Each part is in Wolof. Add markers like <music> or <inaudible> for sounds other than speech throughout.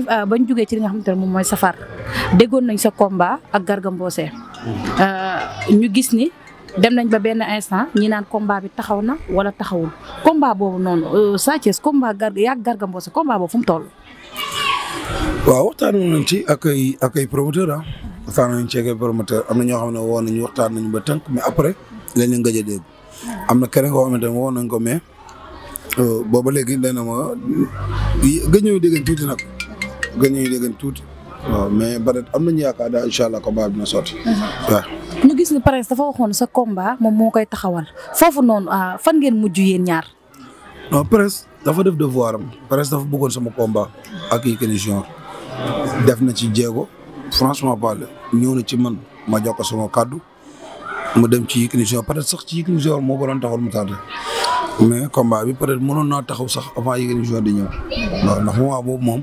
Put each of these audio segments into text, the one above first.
ba euh, bañ jógee ci li nga xamante ne moom mooy safar déggoon nañ sa combat ak Garga Mbossé euh, ñu gis ni dem nañ ba benn instant ñi naan combat bi taxaw na wala taxawul komba boobu noonu euh, Sa Thiès combat Garga yaa Garga Mbossé combat boobu fu mu toll. waaw waxtaanoon nañ ci ak ak ay promoteur ah waxtaan nañ ci ak promoteur am na ñoo xam ne woo nañu waxtaan nañu ba tënk mais après lañ leen gëj a dégg am na keneen koo xamante ne woo nañ ko mais booba léegi nee na ma gëj ñëw dégg tuuti nag gën ñuy dégg tuuti. waaw mais peut-être am nañu yaakaar daal incha allah combat bi dina uh-huh. gis ni Prince dafa waxoon sa combat moom moo koy taxawal foofu noonu ah, fan ngeen mujj yéen ñaar. non Prince dafa def devoir am Prince dafa bëggoon sama combat ak Yékini Junior def na ci jéego franchement parler ñëw na ci man ma jox ko sama kàddu mu dem ci Yékini Junior peut ci Yékini moo ko doon taxawal mu tardé mais combat bi peut-être mënoon naa taxaw sax avant Yékini Junior di ñëw waaw ndax moment moom.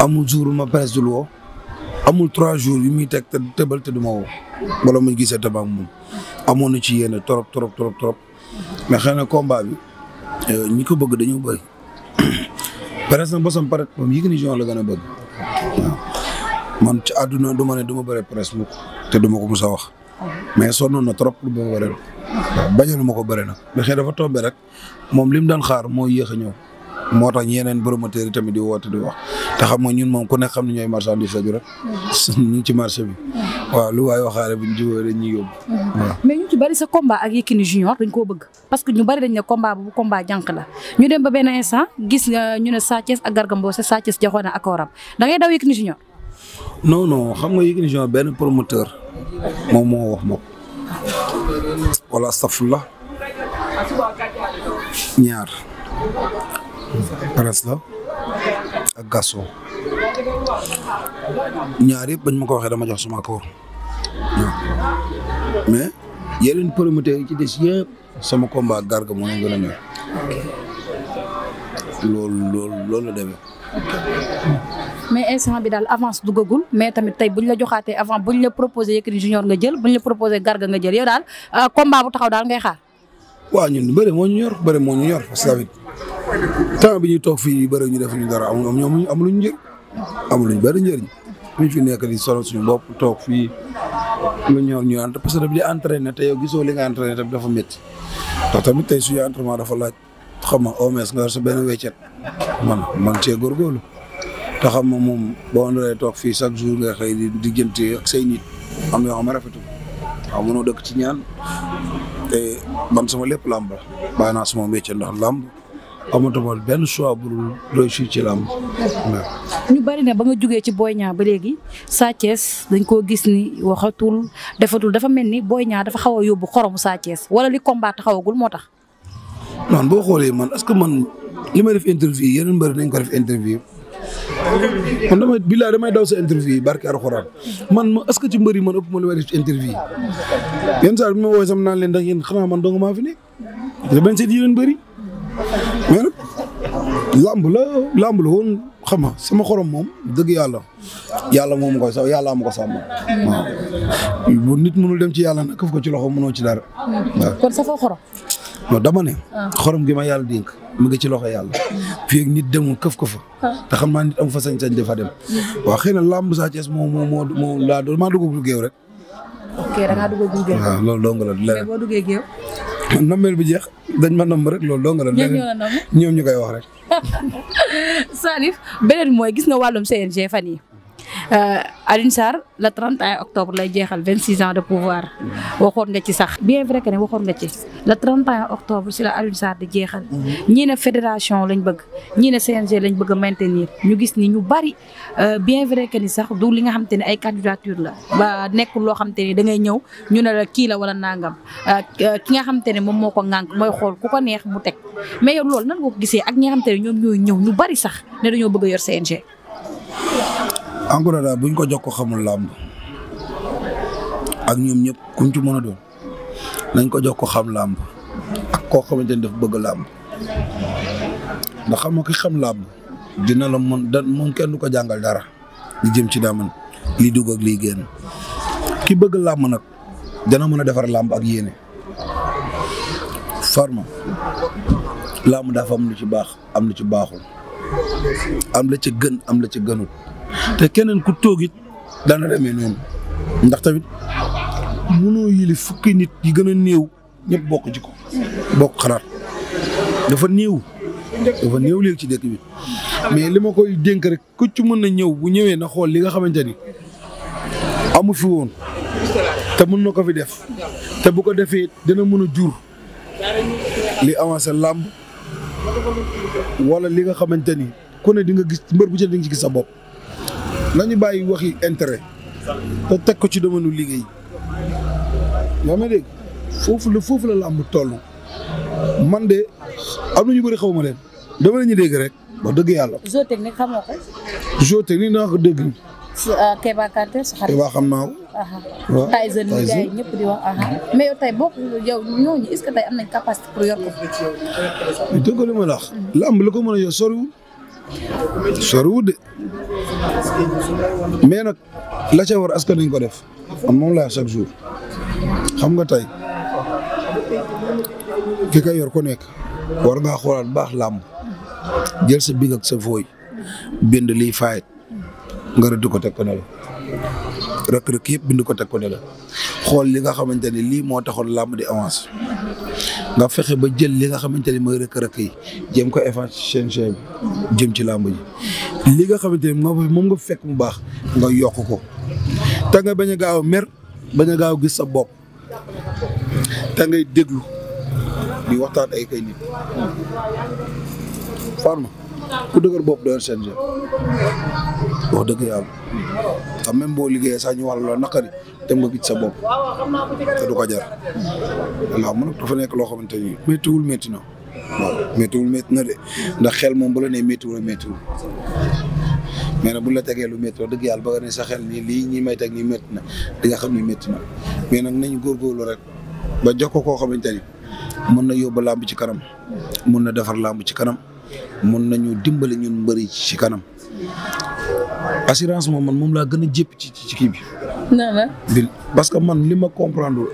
amul jour ma presse du woo amul trois jours yu muy teg te te du ma woo wala muy gisee te ak moom amoon na ci yéen trop trop trop trop mais xëy na combat bi euh, ñi ko bëgg dañoo bëri <coughs> presse na bosam pare moom Yékini Junior la gën a bëgg waaw man ci àdduna du ma ne du ma bëre presse mukk te du ma ko mës a wax mais sonnoon na trop ba ma bañal ma ko bëre nag mais xëy dafa tombé rek moom li mu doon xaar moo yéex a ñëw. moo tax yeneen promoteurs yi tamit di woote di wax te xam nga ñun moom ku ne xam ne ñooy marchandise la ju rek. <laughs> ñu ci marché bi. waaw lu waay waxaale bu ñu jiwoo dañ ñuy yóbbu. Mm-hmm. waaw mais ñu ci bari sa combat ak Yékini Junior dañ koo bëgg parce que ñu bari dañ ne combat bu combat la ñu dem ba benn instant gis nga ñu ne Sa Thiès ak Garga Mbossé Sa Thiès da ngay daw Yékini Junior. non non xam nga Yékini Junior benn promoteur moom moo wax moom wala astafurlah ñaar. presse la ak gasso ñaar yëpp bañ ma ko waxee dama jox suma accord mais yeneen promoteur yi ci des yëpp sama combat garga moo na gën a ñor loolu loolu loolu la demee. mais instant bi daal avance duggagul mais tamit tey buñ la joxaatee avant buñ la proposé Yékini junior nga jël buñ la proposé garga nga jël yow daal euh, combat bu taxaw daal ngay xaar. waaw ñun bëri moo ñu ñor bëri moo ñu ñor parce que temps bi ñuy toog fii yu ñu def ñu dara am ñoom amuluñ njëriñ amuluñ bëri njëriñ ñu fi nekk di solo suñu bopp toog fii lu ñëw ñu entre parce que bi di entraîné te yow gisoo li nga entraîné tamit dafa métti ndax tamit tey suñu entraînement dafa laaj xam nga au moins nga war sa benn weccet man man cee góorgóorlu te xam nga moom boo andalee toog fii chaque jour nga xëy di diggante ak say nit am yoo xam a rafetul waaw mënoo dëkk ci ñaan te man sama lépp làmb la bàyyi naa sama métier ndax làmb amatuma benn choix bu dul doy si ci làmb ñu bari ne ba nga jugee ci booy Niang ba léegi Sa dañ koo gis ni waxatul defatul dafa mel ni booy Niang dafa xaw a yóbbu xoromu Sa Thiès wala li combat gul moo tax. non boo xoolee man est que man li ma def interview yeneen mbër nañ ko def interview. man damay billaay damay daw sa interview yi barki alxuraan man ma est-ce mbër yi man ëpp ma li may yenn saa bi ma woowee sama naan leen ndax yéen man dong maa fi nekk. dama bañ seet yeneen mbër yi mais nag làmb la làmb la woon xam sama xorom moom dëgg yàlla yàlla moom ko sax yàlla am ko sàmm waaw dem ci yàlla na këf ko ci loxo mënoo ci dara waaw kon ah. xorom gi ma yàlla dénk mu ngi ci loxo yàlla fii ak nit demul këf ko fa ah. xam naa nit am fa sañ-sañ dafa dem waaw xëy na làmb Sa Thiès moo moo moo moo laa doon maa dugg géew rek ok da dugg géew waaw <coughs> nommeel bi jeex dañ ma nomm rek loolu doo nga la. ñoom ñu koy wax rek. <laughs> Salif beneen mooy gis nga wàllum CNG fan yi Euh, Alioune Sarr le 31 octobre lay jeexal 26 ans de pouvoir waxoon nga ci sax bien vrai que ne waxoon nga ci le 31 octobre si la Alioune di jeexal. ñii ne fédération lañ bëgg ñii ne CNG lañ bëgg a maintenir ñu gis ni ñu bari euh, bien vrai que ni sax du li nga xamante ne ay candidature la ba nekk loo xamante ni da ngay ñëw ñu ne la kii la wala nangam euh, ki nga xamante ne moom moo ko ŋànk mooy xool ku ko neex mu teg mais yow loolu nan nga ko gisee ak ñi nga xamante ne ñoom ñëw ñu bari sax ne dañoo bëgg a yor CNG. encore daal buñ ko jox ko xamul làmb ak ñoom ñëpp kuñ ci mën a doon nañ ko jox ko xam làmb ak koo xamante ni bëgg làmb ndax xam ki xam làmb dina la mën da kenn du ko jàngal dara li jëm ci daaman li dugg ak liy génn ki bëgg làmb nag dana mën a defar làmb ak yene farma làmb dafa am lu ci baax am lu ci baaxul am la ci gën am la ci gënul te keneen ku toog it dana demee noonu ndax tamit mënoo yili fukki nit yi gën a néew ñëpp bokk ci ko bokk xalaat dafa néew dafa néew léegi ci dëkk bi mais li ma koy dénk rek ku ci mën na ñëw bu ñëwee na xool li nga xamante ni amu fi woon te mën na ko fi def te bu ko defee dina mën a jur li avancé làmb wala li nga xamante ni ku di nga gis mbër bu ci di nga ci gis sa bopp nañu bàyyi waxi intérêt te teg ko ci domaine liggéey yaa ma dégg foofu la foofu la làmb toll man de am na ñu bëri xaw ma leen dama la ñu dégg rek wax dëgg yàlla. zootechnique xamoo ko. zootechnique naa ko dégg. su ah, Kéba xam naa ko. Tyson ñëpp di wax am nañ capacité pour yor ko. dëgg la ma la wax. làmb la ko mën a yor soriwul. soriwul de mais nag la ca war askan nañ ko def man moom laa chaque jour xam nga tey ki ka yor ku nekk war ngaa xoolaat baax làmb jël sa big sa fooy bind li faayit nga rëdd ko teg ko ne la yëpp bind ko teg ko ne xool li nga xamante ne lii moo taxoon làmb di avance nga fexe ba jël li nga xamante ni mooy rëkk-rëkk yi jéem ko éffachenché jëm ci làmb ji li nga xamante ni moom nga fekk mu baax nga yokk ko te nga bañ a gaaw mer bañ a gaaw gis sa bopp te ngay déglu di waxtaan ay kay nit farma ku dëgër bopp doon CNG wax dëgg yàlla te même boo liggéeyee sax ñu wax la naqari te nga gis sa bopp te du ko jar. làmb nag dafa nekk loo xamante ni méttiwul métti na waaw na de ndax xel moom bu la nee méttiwul méttiwul mais bu tegee lu métti dëgg yàlla ba sa xel nii lii ñi may teg nii métti na di nga xam ni métti na mais nag góor góorgóorlu rek ba jox ko koo xamante ni mën na yóbbu làmb ci kanam mën na defar làmb ci kanam mën nañu dimbali ñun mbëri ci kanam assurance moom man moom laa gën a jëpp ci ci kii bi. na la bil parce que man li ma comprendre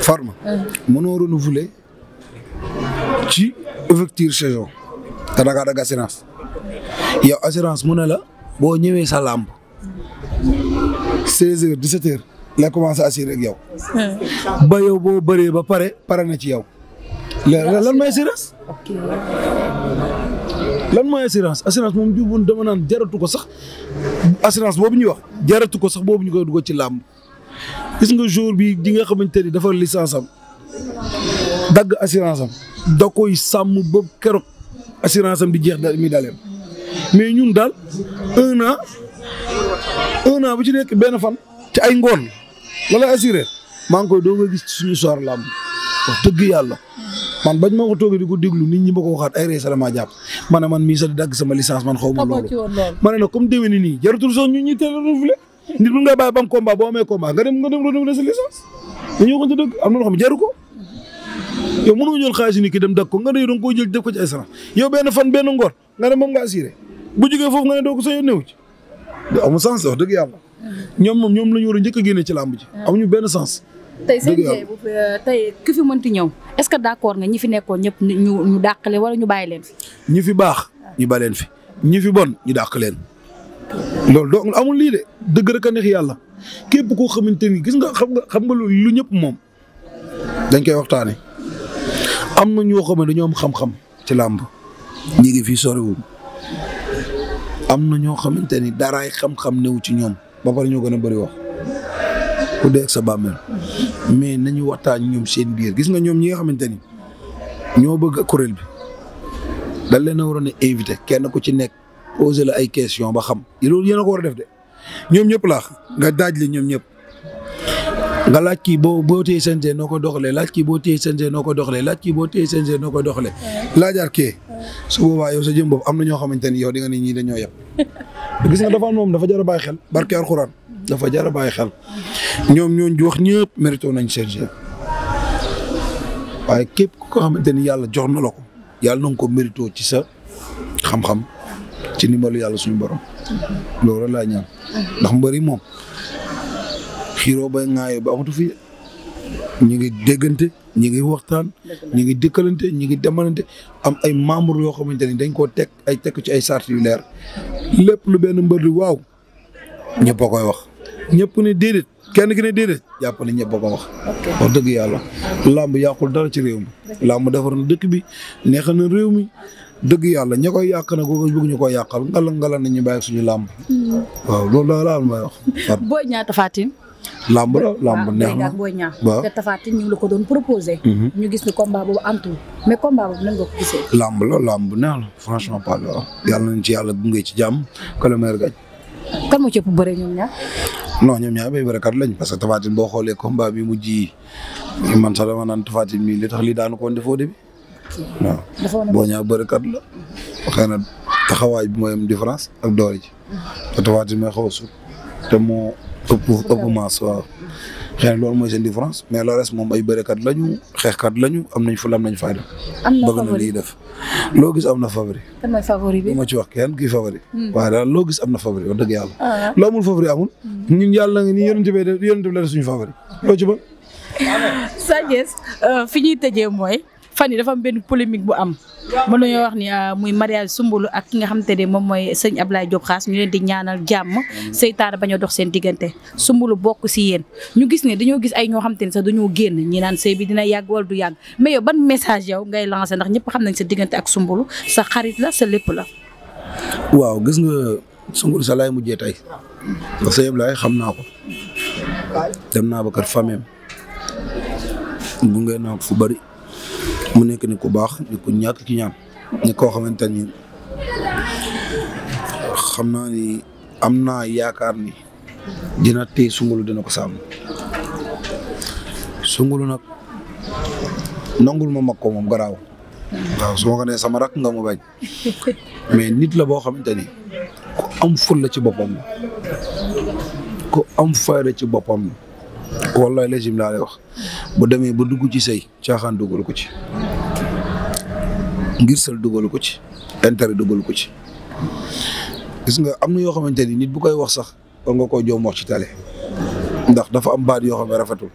Farma. Ah. mënoo renouveler ci ouverture saison. te dagg assurance. yow assurance mu ne la boo ñëwee sa làmb. 16 heures 17 la commencé assuré ak yow. Ah. ba yow boo bëree ba pare pare na ci yow. lan lan mooy assurance. lan mooy assurance assurance moom jiw bu dama naan jaratu ko sax assurance boobu ñuy wax jaratu ko sax boobu ñu koy dugg ci làmb gis nga jour bi di nga xamante ni dafa licence am dagg assurance am da koy sàmm ba keroog assurance am di jeex daal mi daleem mais ñun daal un an un bu ci nekk benn fan ci ay ngoon la lay maa ngi koy doog a gis suñu soir làmb wax dëgg yàlla. man bañ ma ko toogee di ko déglu nit ñi ma ko waxaat ay rees la maa jàpp man mii di dagg sama licence man xaw loolu ma ne nag comme déwén ni nii jaratul sax ñu ñuy teel a renouveler nit mën ngaa bàyyi ba am combat boo amee combat nga dem nga dem renouveler sa licence dañoo waxante dëgg am na ko yow mënoo jël xaalis ni ki dem dagg ko nga ne yow da nga koy ko ci ay sarax yow fan benn ngor nga ne moom nga assuré bu jógee foofu nga ne doo ko sa yoon néew ci amul sens wax ñoom moom ñoom la ñu war a njëkk a génne ci làmb ji ah. amuñu benn tey CNG euh, tey ku fi mënti ñëw est-ce que d'accord nga ñi fi nekkoon ñëpp ñu ñu dàqale wala ñu bàyyi leen fi. ñi fi baax ñu bàyyi fi ñi fi bon ñu dàq leen loolu doo amul lii de dëgg rek a neex yàlla képp koo xamante ni gis nga xam nga xam nga lu ñëpp moom dañ koy waxtaanee am na ñoo xam ne dañoo am xam-xam ci làmb ñi ngi fii soriwul am na ñoo xamante ni daraay xam-xam newu ci ñoom ba pare ñoo gën a bëri wax. ku dee ak sa bàmmeel mais ñu waxtaan ñoom seen biir gis nga ñoom ñi nga xamante ni ñoo bëgg kuréel bi dañ leen waroon a invité kenn ku ci nekk poser ay question ba xam loolu yéen a ko war a def de ñoom ñëpp laa nga daaj le ñoom ñëpp nga laaj kii boo boo téye CNG noo ko doxalee laaj kii boo téye CNG noo ko doxalee laaj kii boo téye CNG noo ko doxalee laajaat kee su boobaa yow sa jëm bopp am na ñoo xamante ni yow di nga ñii dañoo yeb <laughs> gis nga dafa moom dafa jar xel barke alxuraan dafa jar a bàyyi xel ñoom ñooñu wax ñëpp mérito nañ CNG waaye képp ku ko xamante ni yàlla jox na la ko yàlla na nga ko mérito ci sa xam-xam ci ndimbalu yàlla suñu borom loolu laa ñaan ndax mbëri moom xiiroo ba ŋaayoo ba amatu fi ñu ngi déggante ñu ngi waxtaan ñu ngi dëkkalante ñu ngi demalante am ay membre yoo xamante ni dañ koo teg ay tekk ci ay sart yu leer lépp lu benn mbër di waaw ñëpp a koy wax ñëpp ne déedéet kenn ki ne déedéet jàpp ne ñëpp a ko wax. wax dëgg yàlla. làmb yàqul ci réew mi. làmb defar na dëkk bi neexal na réew mi. dëgg yàlla ña koy yàq nag bëgg ñu koy yàqal ngala ngala nañ ñu bàyyi suñu làmb. Mm-hmm. waaw loolu daal laa may wax. Boy Niang Tapha Tine. làmb la làmb ah, neex na Boy Niang te Tapha Tine ñu ngi la ko doon proposé. Mm-hmm. ñu gis ni combat boobu antul mais combat boobu nan nga ko gisee. làmb la làmb neex na ci yàlla gunge ci jàmm. kan moo ci non ñoom ñaar ay barakat lañ parce que Tapha Tine boo xoolee combat bi mu ji man sax dama naan Tapha Tine mii li tax daanu ko defoo de bi waaw boo ñaar barakat la xëy na taxawaay bi mooy am différence ak doole ji mm-hmm. te Tapha Tine may xaw a suuf te moo ëpp ëpp maas waaw xëy na loolu mooy seen différence mais le reste moom ay bërekat lañu xeexkat lañu am nañ fulam nañ fayda. am na favori bëgg na liy def loogis am na favori. kan mooy favori bi ma ci wax kenn kii favori. Hmm. waa daal loo am na favori wax dëgg yàlla. Ah ah. loo amul favori amul. Hmm. ñun yàlla nga ni yonent bi yonent bi ñu suñu favori loo ci ba. <laughs> Sa Thiès euh, fi ñuy tëjee mooy. fan yi dafa am benn polémique bu am mën nañoo wax ni euh, muy mariage sumbulu ak ki nga xam xamante ne moom mooy sëñ Ablaye Diop xaas ñu leen di ñaanal jàmm seytaane bañ a dox seen diggante sumbulu bokk si yéen ñu gis ne dañoo gis ay ñoo xamante ne sax dañoo génn ñi naan sëy bi dina yàgg wala du yàgg mais ban message yow ngay ndax ñëpp xam nañ sa diggante ak sumbulu sa xarit la sa lépp la waaw gis nga sumbulu sa laay xam naa ko dem naa ba kër famem gunge naa fu bari mu nekk ni ku baax ni ku ñàkk ci ñaan ni koo xamante ni xam naa ni am naa yaakaar ni dina téye sungulu dina ko sàmm sungulu nag nangul ma mag ko moom garaaw waaw su ma sama rak nga mu bañ mais nit la boo xamante ni ku am fulla ci boppam ku am fayda ci boppam la wallaay légim laa lay bu demee ba dugg ci sëy caaxaan dugal ko ci ngir sel dugalu ko ci intérêt dugalu ko ci gis nga am na yoo xamante ni nit bu koy wax sax war nga koo joom wax ci ndax dafa am baat yoo xam ne rafetul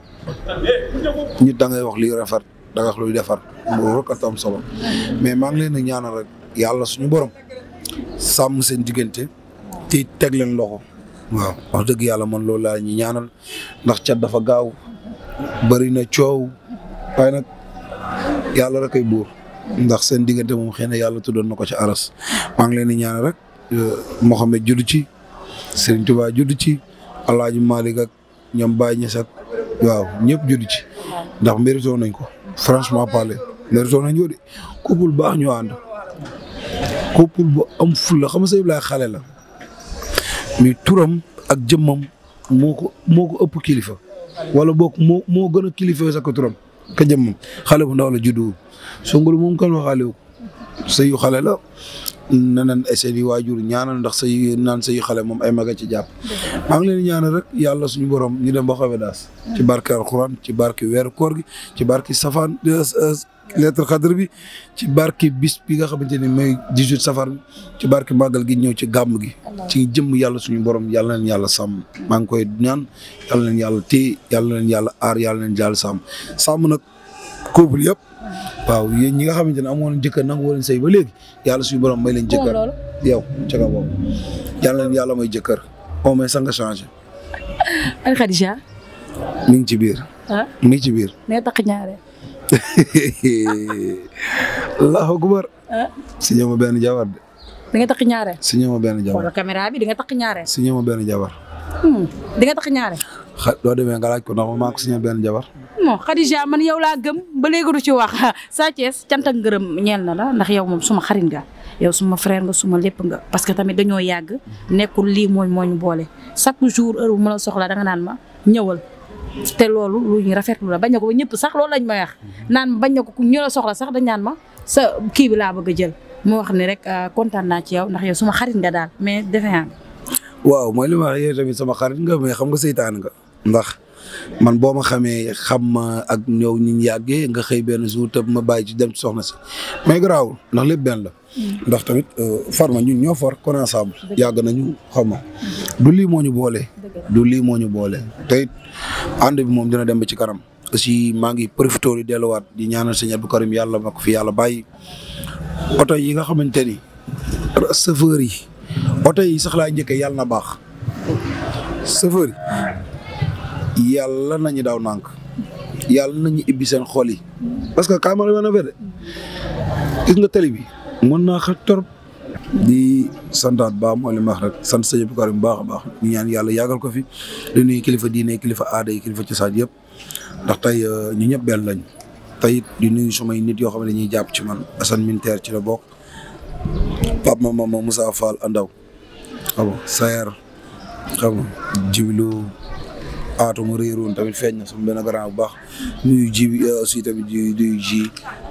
nit da ngay wax lii rafet da nga defar loolu rek a am mais maa ngi leen di ñaanal rek yàlla suñu borom sàmm seen diggante te teg leen loxo. waaw wax dëgg yàlla man loolu laa ñi ñaanal ndax cat dafa gaaw bari na coow waaye nag yàlla rek ay buur. ndax seen diggante moom xëy na yàlla tuddoon na ko ci aras maa ngi leen di ñaan rek euh, Mouhamed judd ci Serigne Touba judd ci El Hadj Malick ak ñoom Baye Niass waaw ñëpp judd ci ndax mérito nañ ko franchement parler mérito nañ ko de couple baax ñu ànd couple bu am ful la xam nga sëñ Ibrahima la mais turam ak jëmmam moo ko moo ëpp kilifa wala bok moo moo gën a kilifa sa turam. ka jëmmam xale bu ndaw la juddu songul moom kan waxaale wu sëyu xale la nanan ay i waajur ñaanal ndax say naan say xale moom ay maga ci jàpp maa ngi ñaana rek yàlla suñu borom ñu dem ba xawe daas ci barke alxuraan ci barke weeru koor gi ci barke safaan euh, euh, lettre xadr bi ci barke bis bi nga xamante ni mooy dix-huit safar bi ci barke màggal gi ñëw ci gàmm gi ci jëmm yàlla suñu borom yàlla leen yàlla sàmm maa ngi koy ñaan yàlla leen yàlla téye yàlla leen yàlla aar yàlla leen yàlla sàmm sàmm nag couple yëpp waaw yéen ñi nga xamante ne amoon jëkkër nangu woon sëy ba léegi yàlla suñu borom may leen jëkkër yow ca boobu yàlla leen may jëkkër au moins sax nga changé al <laughs> Khadija mi ngi ci biir ah? mi ngi ci biir ne tax ñaare <laughs> allahu akbar ah? si ñooma benn jabar de di nga takk ñaare si ñooma benn jabar wala bi di takk ñaare si benn jabar di nga takk ñaare xa doo demee nga laaj ko ndax ma maa ko si ñoom benn jabar moo Khadija man yow laa gëm ba léegi du ci wax Sa Thiès cant ak ñeel na la ndax yow moom suma xarit nga yow suma frère nga suma lépp nga parce que tamit dañoo yàgg nekkul lii mooñ mooñ boole chaque jour heure ma la soxla da naan ma ñëwal te loolu lu rafetlu la bañ na ko ñëpp sax loolu lañ may naan bañ na ko ku ñu la soxla sax dañ naan ma sa kii bi laa bëgg a jël moo wax ni rek ah, kontaan naa ci yow ndax yow suma xarit nga daal mais defe naa waaw mooy li ma wax yow tamit sama xarit nga mais xam nga seytaan nga ndax man boo ma xamee xam ma ak ñëw ñu ñu yàggee nga xëy benn jour te ma bàyyi ci dem ci soxna si mais garaawul ndax lépp benn la. Mm. ndax tamit euh, farma ñu ñoo far kon ensemble. yàgg nañu xam ma du lii moo ñu boole. du lii moo ñu boole te it ànd bi moom dina dem ba ci kanam. aussi maa ngi profité di delluwaat di ñaanal sëñ Abdou Karim yàlla ma fi yàlla bàyyi oto yi nga xamante ni chauffeur yi oto yi sax laa njëkkee yàlla na baax chauffeur yi yàlla nañu daaw nànk yàlla nañu ibbi seen xol yi parce que caméra na de gis nga télé bi mën naa xat torop di santaat baax mooy li ma wax rek sant sëñ bu Karim baax a baax ñu ñaan yàlla yàggal ko fi di nuyu kilifa diine kilifa aada yi kilifa cosaan yëpp ndax tey euh, ñu ñëpp benn lañ tey di nuyu sumay nit yoo xam ne dañuy jàpp ci man Assane Minter ci la bokk Pape Mama Moussa Fall Andaw xam nga Sayer xam aatu mu réeroon tamit feeñ na som benn grand bu baax nuyu ji euh, aussi tamit di nuyu ji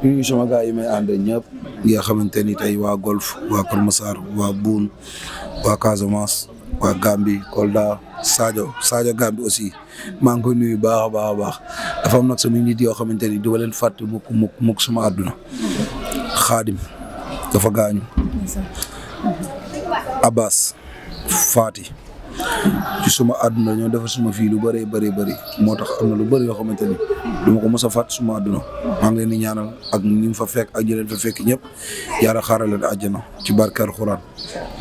nuyu sama gars yi may ànd ñëpp nga xamante ni tey waa golf waa Kër waa Boune waa Casamance waa Gambie Kolda Sadio saajo Gambie aussi maa ngi koy nuyu baax a baax a baax dafa am nag sama nit yoo xamante ni du leen fàtte mukk mukk mukk sama àdduna Xaadim dafa gaañu Abbas Fati ci suma àdduna ñoo defar suma fii lu bëree bëri bëri moo tax am na lu bëri yoo xamante ni du ma ko mos a fàtt suma àdduna maa ngi leen di ñaanal ak ñi fa fekk ak jëleen fa fekk ñëpp yaara xaaraleen àjjana ci barke alxuraan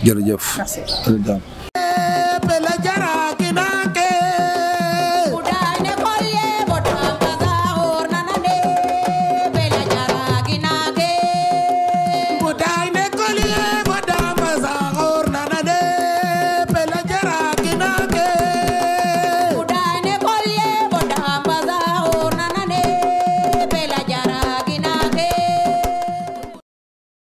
jërëjëf